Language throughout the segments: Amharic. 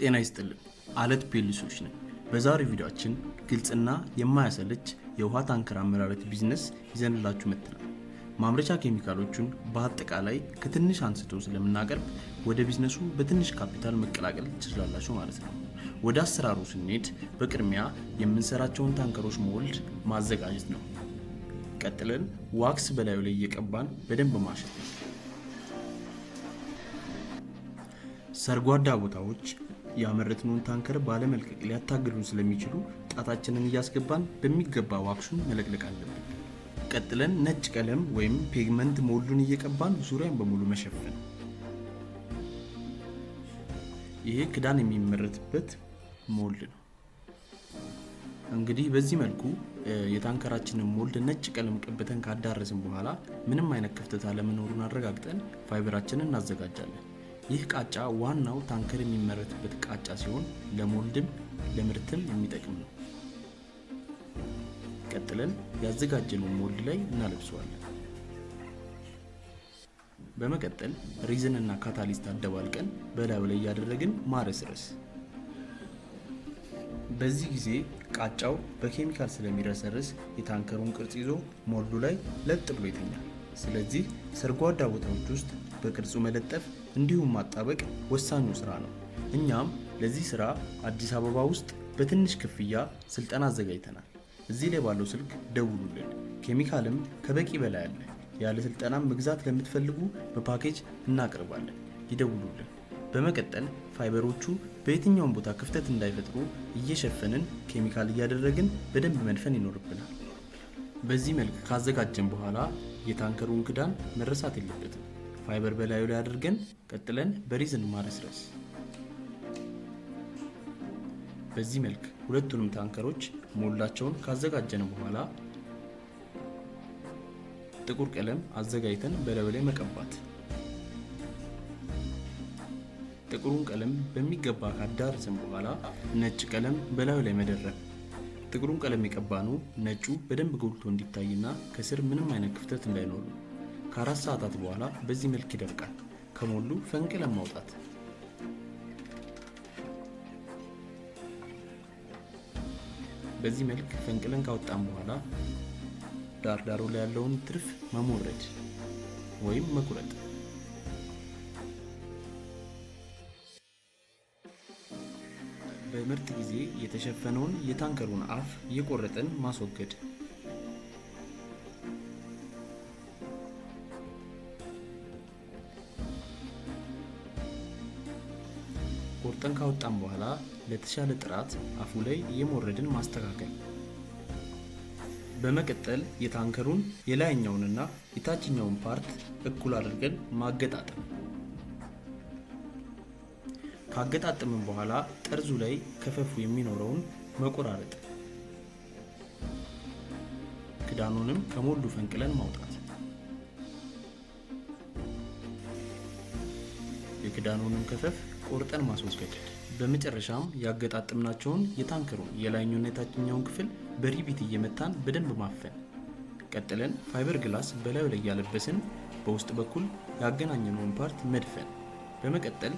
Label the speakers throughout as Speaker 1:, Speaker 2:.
Speaker 1: ጤና ይስጥልን። አለት ፔልሶች ነን። በዛሬው ቪዲዮአችን ግልጽና የማያሰለች የውሃ ታንከር አመራረት ቢዝነስ ይዘንላችሁ መጥተናል። ማምረቻ ኬሚካሎቹን በአጠቃላይ ከትንሽ አንስቶ ስለምናቀርብ ወደ ቢዝነሱ በትንሽ ካፒታል መቀላቀል ትችላላችሁ ማለት ነው። ወደ አሰራሩ ስንሄድ በቅድሚያ የምንሰራቸውን ታንከሮች ሞልድ ማዘጋጀት ነው። ቀጥለን ዋክስ በላዩ ላይ እየቀባን በደንብ ማሸት ነው። ሰርጓዳ ቦታዎች ያመረትነውን ታንከር ባለመልቀቅ ሊያታግዱን ስለሚችሉ ጣታችንን እያስገባን በሚገባ ዋክሱን መለቅለቅ አለብን። ቀጥለን ነጭ ቀለም ወይም ፔግመንት ሞልዱን እየቀባን ዙሪያን በሙሉ መሸፈን። ይሄ ክዳን የሚመረትበት ሞልድ ነው። እንግዲህ በዚህ መልኩ የታንከራችንን ሞልድ ነጭ ቀለም ቀብተን ካዳረስን በኋላ ምንም አይነት ክፍተት አለመኖሩን አረጋግጠን ፋይበራችንን እናዘጋጃለን። ይህ ቃጫ ዋናው ታንከር የሚመረትበት ቃጫ ሲሆን ለሞልድም ለምርትም የሚጠቅም ነው። ቀጥለን ያዘጋጀነው ሞልድ ላይ እናለብሰዋለን። በመቀጠል ሪዝን እና ካታሊስት አደባልቀን በላዩ ላይ እያደረግን ማረስረስ። በዚህ ጊዜ ቃጫው በኬሚካል ስለሚረሰርስ የታንከሩን ቅርጽ ይዞ ሞልዱ ላይ ለጥ ብሎ ይተኛል። ስለዚህ ሰርጓዳ ቦታዎች ውስጥ በቅርጹ መለጠፍ እንዲሁም ማጣበቅ ወሳኙ ስራ ነው። እኛም ለዚህ ስራ አዲስ አበባ ውስጥ በትንሽ ክፍያ ስልጠና አዘጋጅተናል። እዚህ ላይ ባለው ስልክ ደውሉልን። ኬሚካልም ከበቂ በላይ አለ። ያለ ስልጠናም መግዛት ለምትፈልጉ በፓኬጅ እናቀርባለን። ይደውሉልን። በመቀጠል ፋይበሮቹ በየትኛውም ቦታ ክፍተት እንዳይፈጥሩ እየሸፈንን ኬሚካል እያደረግን በደንብ መድፈን ይኖርብናል። በዚህ መልክ ካዘጋጀን በኋላ የታንከሩን ክዳን መረሳት የለበትም። ፋይበር በላዩ ላይ አድርገን ቀጥለን በሪዝን ማረስረስ። በዚህ መልክ ሁለቱንም ታንከሮች ሞላቸውን ካዘጋጀን በኋላ ጥቁር ቀለም አዘጋጅተን በላዩ ላይ መቀባት። ጥቁሩን ቀለም በሚገባ ካዳረስን በኋላ ነጭ ቀለም በላዩ ላይ መደረግ ጥቁሩን ቀለም የቀባ ነው ነጩ በደንብ ጎልቶ እንዲታይና ከስር ምንም አይነት ክፍተት እንዳይኖሩ። ከአራት ሰዓታት በኋላ በዚህ መልክ ይደርቃል። ከሞሉ ፈንቅለን ማውጣት። በዚህ መልክ ፈንቅለን ካወጣን በኋላ ዳርዳሩ ላይ ያለውን ትርፍ መሞረድ ወይም መቁረጥ በምርት ጊዜ የተሸፈነውን የታንከሩን አፍ እየቆረጥን ማስወገድ። ቆርጠን ካወጣን በኋላ ለተሻለ ጥራት አፉ ላይ እየሞረድን ማስተካከል። በመቀጠል የታንከሩን የላይኛውንና የታችኛውን ፓርት እኩል አድርገን ማገጣጠም ካገጣጠምን በኋላ ጠርዙ ላይ ከፈፉ የሚኖረውን መቆራረጥ፣ ክዳኑንም ከሞልዱ ፈንቅለን ማውጣት። የክዳኑንም ክፈፍ ቆርጠን ማስወገድ። በመጨረሻም ያገጣጠምናቸውን የታንከሩን የላይኛውና የታችኛውን ክፍል በሪቢት እየመታን በደንብ ማፈን። ቀጥለን ፋይበር ግላስ በላዩ ላይ ያለበስን በውስጥ በኩል ያገናኘነውን ፓርት መድፈን በመቀጠል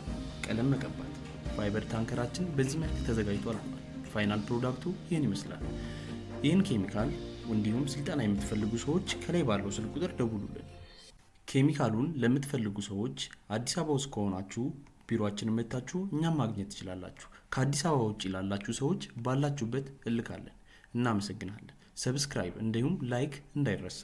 Speaker 1: ቀለም መቀባት። ፋይበር ታንከራችን በዚህ መልክ ተዘጋጅቶ አልፏል። ፋይናል ፕሮዳክቱ ይህን ይመስላል። ይህን ኬሚካል እንዲሁም ስልጠና የምትፈልጉ ሰዎች ከላይ ባለው ስልክ ቁጥር ደውሉልን። ኬሚካሉን ለምትፈልጉ ሰዎች አዲስ አበባ ውስጥ ከሆናችሁ ቢሮችን መታችሁ እኛም ማግኘት ትችላላችሁ። ከአዲስ አበባ ውጭ ላላችሁ ሰዎች ባላችሁበት እልካለን። እናመሰግናለን። ሰብስክራይብ እንዲሁም ላይክ እንዳይረሳ።